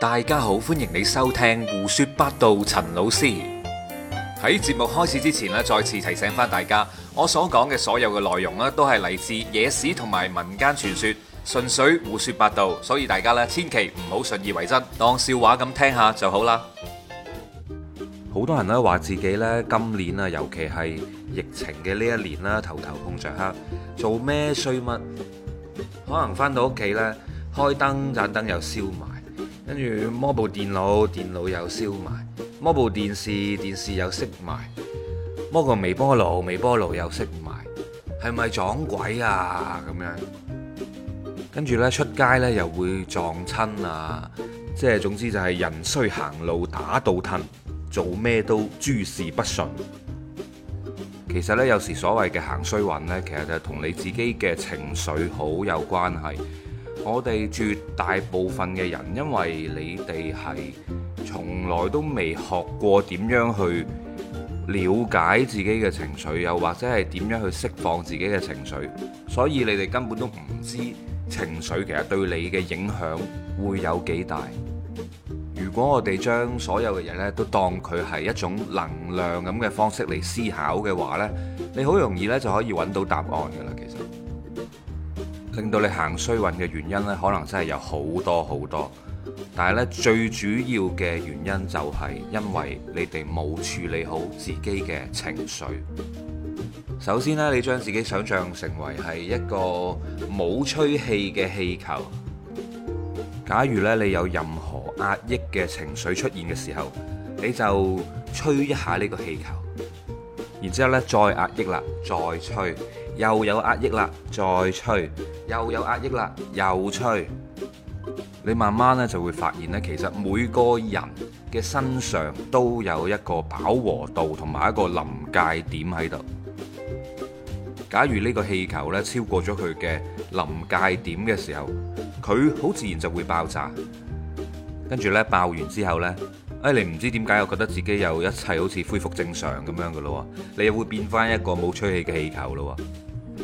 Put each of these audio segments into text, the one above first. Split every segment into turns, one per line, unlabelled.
大家好，歡迎你收聽胡說八道。陳老師喺節目開始之前咧，再次提醒翻大家，我所講嘅所有嘅內容咧，都係嚟自野史同埋民間傳說，純粹胡說八道，所以大家咧千祈唔好信以為真，當笑話咁聽下就好啦。好多人咧話自己咧今年啊，尤其係疫情嘅呢一年啦，頭頭碰着黑，做咩衰乜，可能翻到屋企咧開燈盞燈又燒埋。跟住摸部電腦，電腦又燒埋；摸部電視，電視又熄埋；摸個微波爐，微波爐又熄埋。係咪撞鬼啊？咁樣跟住呢，出街呢又會撞親啊！即係總之就係人衰行路打倒褪，做咩都諸事不順。其實呢，有時所謂嘅行衰運呢，其實就同你自己嘅情緒好有關係。我哋絕大部分嘅人，因為你哋係從來都未學過點樣去了解自己嘅情緒，又或者係點樣去釋放自己嘅情緒，所以你哋根本都唔知情緒其實對你嘅影響會有幾大。如果我哋將所有嘅人呢都當佢係一種能量咁嘅方式嚟思考嘅話呢，你好容易呢就可以揾到答案㗎喇。令到你行衰運嘅原因咧，可能真係有好多好多，但係咧，最主要嘅原因就係因為你哋冇處理好自己嘅情緒。首先咧，你將自己想象成為係一個冇吹氣嘅氣球。假如咧你有任何壓抑嘅情緒出現嘅時候，你就吹一下呢個氣球，然之後咧再壓抑啦，再吹。又有壓抑啦，再吹，又有壓抑啦，又吹。你慢慢咧就會發現咧，其實每個人嘅身上都有一個飽和度同埋一個臨界點喺度。假如呢個氣球呢超過咗佢嘅臨界點嘅時候，佢好自然就會爆炸。跟住呢爆完之後呢，哎，你唔知點解又覺得自己又一切好似恢復正常咁樣嘅咯喎，你又會變翻一個冇吹氣嘅氣球咯。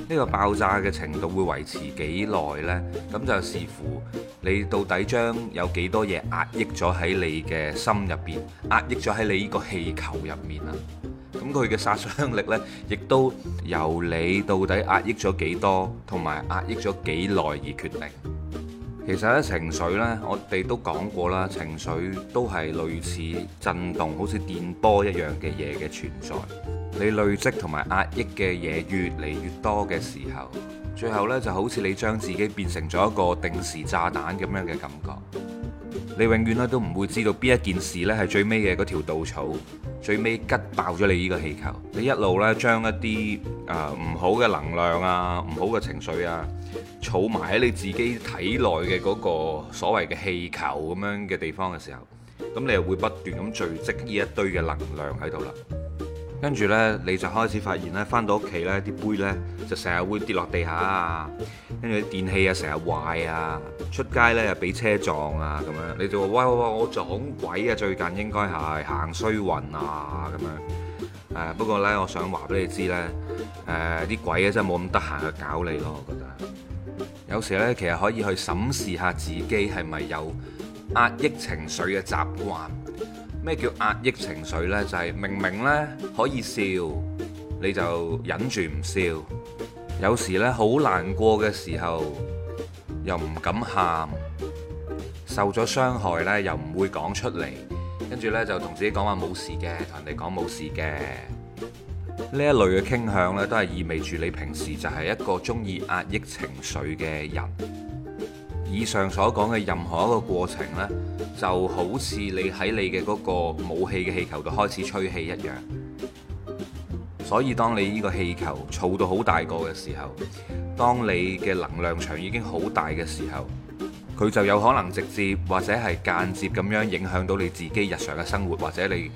呢個爆炸嘅程度會維持幾耐呢？咁就視乎你到底將有幾多嘢壓抑咗喺你嘅心入邊，壓抑咗喺你呢個氣球入面啦。咁佢嘅殺傷力呢，亦都由你到底壓抑咗幾多，同埋壓抑咗幾耐而決定。其實咧情緒呢，我哋都講過啦，情緒都係類似震動，好似電波一樣嘅嘢嘅存在。你累積同埋壓抑嘅嘢越嚟越多嘅時候，最後呢就好似你將自己變成咗一個定時炸彈咁樣嘅感覺。你永遠咧都唔會知道邊一件事咧係最尾嘅嗰條稻草，最尾吉爆咗你呢個氣球。你一路咧將一啲啊唔好嘅能量啊、唔好嘅情緒啊，儲埋喺你自己體內嘅嗰個所謂嘅氣球咁樣嘅地方嘅時候，咁你又會不斷咁聚集呢一堆嘅能量喺度啦。跟住呢，你就開始發現呢，翻到屋企呢啲杯呢，就成日會跌落地下啊，跟住啲電器啊，成日壞啊，出街呢又俾車撞啊，咁樣你就話：喂喂喂，我撞鬼啊！最近應該係行衰運啊，咁樣。誒、啊，不過呢，我想話俾你知呢，誒、呃、啲鬼啊真係冇咁得閒去搞你咯，我覺得。有時呢，其實可以去審視下自己係咪有壓抑情緒嘅習慣。咩叫壓抑情緒呢？就係明明咧可以笑，你就忍住唔笑。有時咧好難過嘅時候，又唔敢喊，受咗傷害咧又唔會講出嚟，跟住呢，就同自己講話冇事嘅，同人哋講冇事嘅。呢一類嘅傾向咧，都係意味住你平時就係一個中意壓抑情緒嘅人。以上所講嘅任何一個過程咧，就好似你喺你嘅嗰個武器嘅氣球度開始吹氣一樣。所以當你呢個氣球儲到好大個嘅時候，當你嘅能量場已經好大嘅時候，佢就有可能直接或者係間接咁樣影響到你自己日常嘅生活，或者你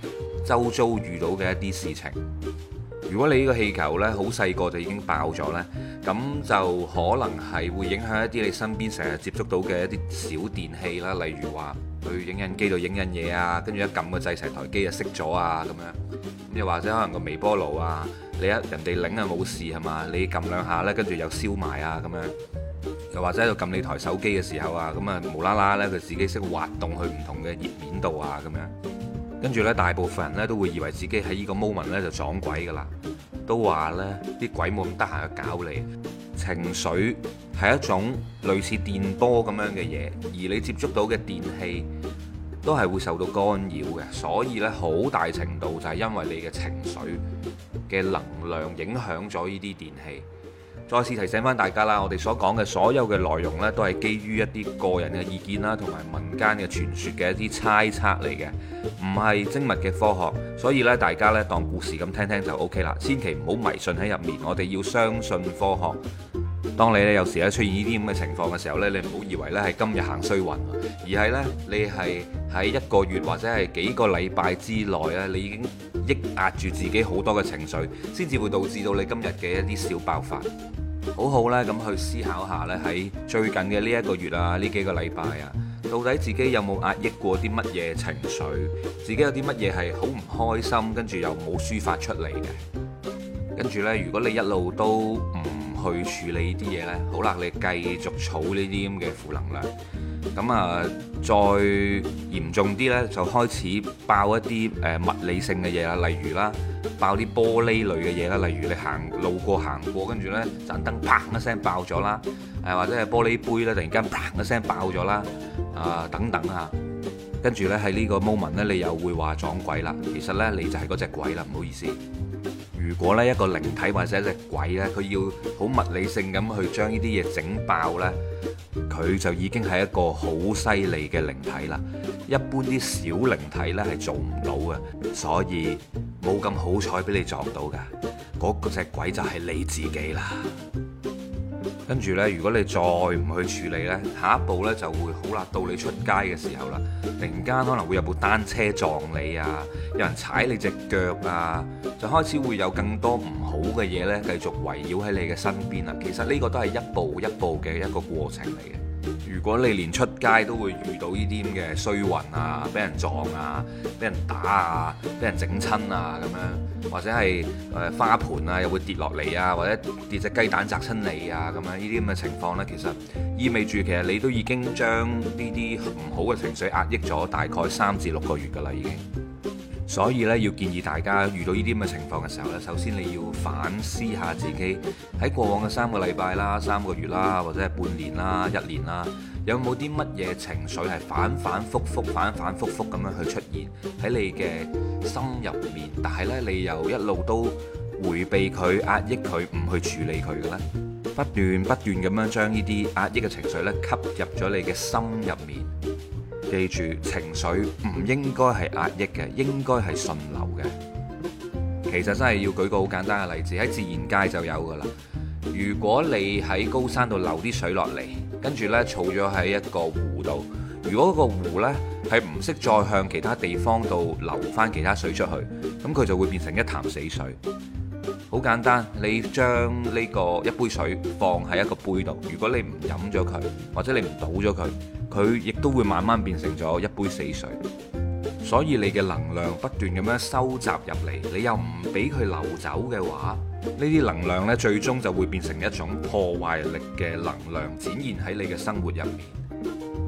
周遭遇到嘅一啲事情。如果你呢個氣球呢，好細個就已經爆咗呢，咁就可能係會影響一啲你身邊成日接觸到嘅一啲小電器啦，例如話去影印機度影印嘢啊，跟住一撳個掣成台機就熄咗啊，咁樣。又或者可能個微波爐啊，你一人哋擰啊冇事係嘛，你撳兩下呢，跟住又燒埋啊咁樣。又或者喺度撳你台手機嘅時候啊，咁啊無啦啦呢，佢自己識滑動去唔同嘅頁面度啊咁樣。跟住呢，大部分人呢都會以為自己喺呢個 moment 呢就撞鬼噶啦，都話呢啲鬼冇咁得閒去搞你。情緒係一種類似電波咁樣嘅嘢，而你接觸到嘅電器都係會受到干擾嘅，所以呢，好大程度就係因為你嘅情緒嘅能量影響咗呢啲電器。再次提醒翻大家啦，我哋所講嘅所有嘅內容呢，都係基於一啲個人嘅意見啦，同埋民間嘅傳説嘅一啲猜測嚟嘅，唔係精密嘅科學，所以呢，大家呢，當故事咁聽聽就 OK 啦，千祈唔好迷信喺入面，我哋要相信科學。當你咧有時咧出現呢啲咁嘅情況嘅時候咧，你唔好以為呢係今日行衰運，而係呢，你係喺一個月或者係幾個禮拜之內咧，你已經抑壓住自己好多嘅情緒，先至會導致到你今日嘅一啲小爆發。好好咧，咁去思考下呢，喺最近嘅呢一個月啊，呢幾個禮拜啊，到底自己有冇壓抑過啲乜嘢情緒？自己有啲乜嘢係好唔開心，跟住又冇抒發出嚟嘅？跟住呢，如果你一路都唔去處理啲嘢呢。好啦，你繼續儲呢啲咁嘅負能量，咁啊、呃、再嚴重啲呢，就開始爆一啲誒、呃、物理性嘅嘢啦，例如啦，爆啲玻璃類嘅嘢啦，例如你行路過行過，跟住呢，盞燈砰一聲爆咗啦，誒或者係玻璃杯呢，突然間砰一聲爆咗啦，啊、呃、等等啊，跟住呢，喺呢個 moment 呢，你又會話撞鬼啦，其實呢，你就係嗰隻鬼啦，唔好意思。如果咧一個靈體或者一隻鬼咧，佢要好物理性咁去將呢啲嘢整爆呢，佢就已經係一個好犀利嘅靈體啦。一般啲小靈體呢，係做唔到嘅，所以冇咁好彩俾你撞到嘅，嗰隻鬼就係你自己啦。跟住咧，如果你再唔去處理咧，下一步咧就會好喇，到你出街嘅時候啦，突然間可能會有部單車撞你啊，有人踩你隻腳啊，就開始會有更多唔好嘅嘢咧，繼續圍繞喺你嘅身邊啦。其實呢個都係一步一步嘅一個過程嚟嘅。如果你連出街都會遇到呢啲咁嘅衰運啊，俾人撞啊，俾人打啊，俾人整親啊咁樣，或者係誒、呃、花盆啊又會跌落嚟啊，或者跌隻雞蛋砸親你啊咁樣，呢啲咁嘅情況呢，其實意味住其實你都已經將呢啲唔好嘅情緒壓抑咗大概三至六個月噶啦已經。所以咧，要建議大家遇到呢啲咁嘅情況嘅時候呢，首先你要反思下自己喺過往嘅三個禮拜啦、三個月啦，或者係半年啦、一年啦，有冇啲乜嘢情緒係反反覆覆、反反覆覆咁樣去出現喺你嘅心入面？但係呢，你又一路都迴避佢、壓抑佢、唔去處理佢嘅咧，不斷不斷咁樣將呢啲壓抑嘅情緒呢吸入咗你嘅心入面。記住，情緒唔應該係壓抑嘅，應該係順流嘅。其實真係要舉個好簡單嘅例子，喺自然界就有㗎啦。如果你喺高山度流啲水落嚟，跟住呢儲咗喺一個湖度，如果個湖呢係唔識再向其他地方度流翻其他水出去，咁佢就會變成一潭死水。好簡單，你將呢個一杯水放喺一個杯度，如果你唔飲咗佢，或者你唔倒咗佢，佢亦都會慢慢變成咗一杯死水。所以你嘅能量不斷咁樣收集入嚟，你又唔俾佢流走嘅話，呢啲能量呢，最終就會變成一種破壞力嘅能量，展現喺你嘅生活入面。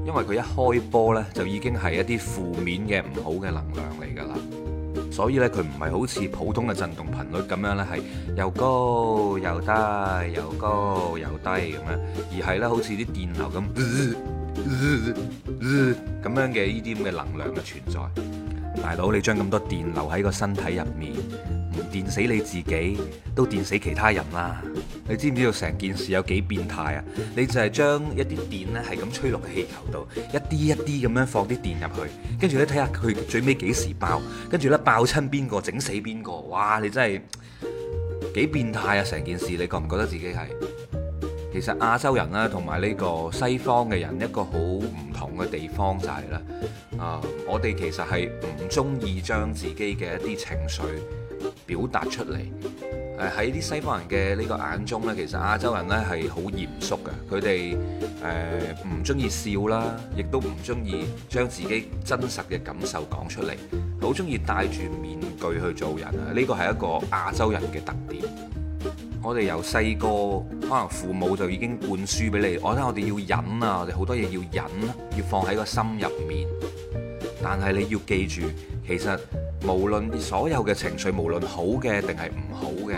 因為佢一開波呢，就已經係一啲負面嘅唔好嘅能量嚟㗎啦。所以咧，佢唔係好似普通嘅震動頻率咁樣咧，係又高又低，又高又低咁樣，而係咧，好似啲電流咁，咁、呃呃呃呃、樣嘅呢啲咁嘅能量嘅存在。大佬，你將咁多電流喺個身體入面。唔電死你自己，都電死其他人啦！你知唔知道成件事有幾變態啊？你就係將一啲電咧，係咁吹落氣球度，一啲一啲咁樣放啲電入去，跟住咧睇下佢最尾幾時爆，跟住咧爆親邊個，整死邊個。哇！你真係幾變態啊！成件事你覺唔覺得自己係？其實亞洲人啦，同埋呢個西方嘅人一個好唔同嘅地方就係咧，啊，我哋其實係唔中意將自己嘅一啲情緒。表達出嚟。誒，喺啲西方人嘅呢個眼中呢，其實亞洲人呢係好嚴肅嘅，佢哋誒唔中意笑啦，亦都唔中意將自己真實嘅感受講出嚟，好中意戴住面具去做人啊！呢個係一個亞洲人嘅特點。我哋由細個可能父母就已經灌輸俾你，我覺得我哋要忍啊，我哋好多嘢要忍，要放喺個心入面。但係你要記住，其實。無論所有嘅情緒，無論好嘅定係唔好嘅，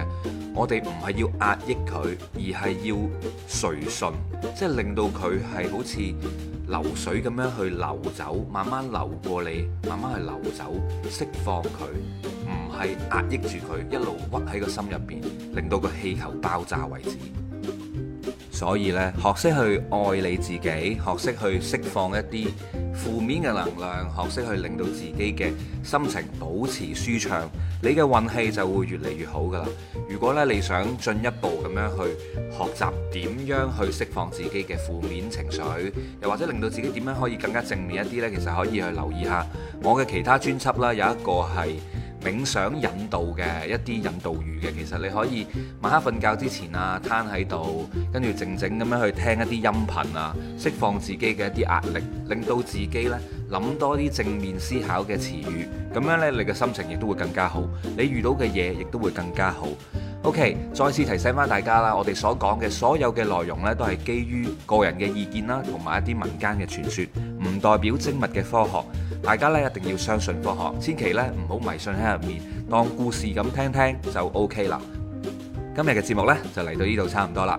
我哋唔係要壓抑佢，而係要隨順，即係令到佢係好似流水咁樣去流走，慢慢流過你，慢慢去流走，釋放佢，唔係壓抑住佢，一路屈喺個心入邊，令到個氣球爆炸為止。所以咧，學識去愛你自己，學識去釋放一啲負面嘅能量，學識去令到自己嘅心情保持舒暢，你嘅運氣就會越嚟越好噶啦。如果咧你想進一步咁樣去學習點樣去釋放自己嘅負面情緒，又或者令到自己點樣可以更加正面一啲呢？其實可以去留意下我嘅其他專輯啦。有一個係。冥想引導嘅一啲引導語嘅，其實你可以晚黑瞓覺之前啊，攤喺度，跟住靜靜咁樣去聽一啲音頻啊，釋放自己嘅一啲壓力，令到自己呢，諗多啲正面思考嘅詞語，咁樣呢，你嘅心情亦都會更加好，你遇到嘅嘢亦都會更加好。OK，再次提醒翻大家啦，我哋所講嘅所有嘅內容呢，都係基於個人嘅意見啦，同埋一啲民間嘅傳說，唔代表精密嘅科學。大家咧一定要相信科學，千祈咧唔好迷信喺入面，當故事咁聽聽就 OK 啦。今日嘅節目咧就嚟到呢度差唔多啦。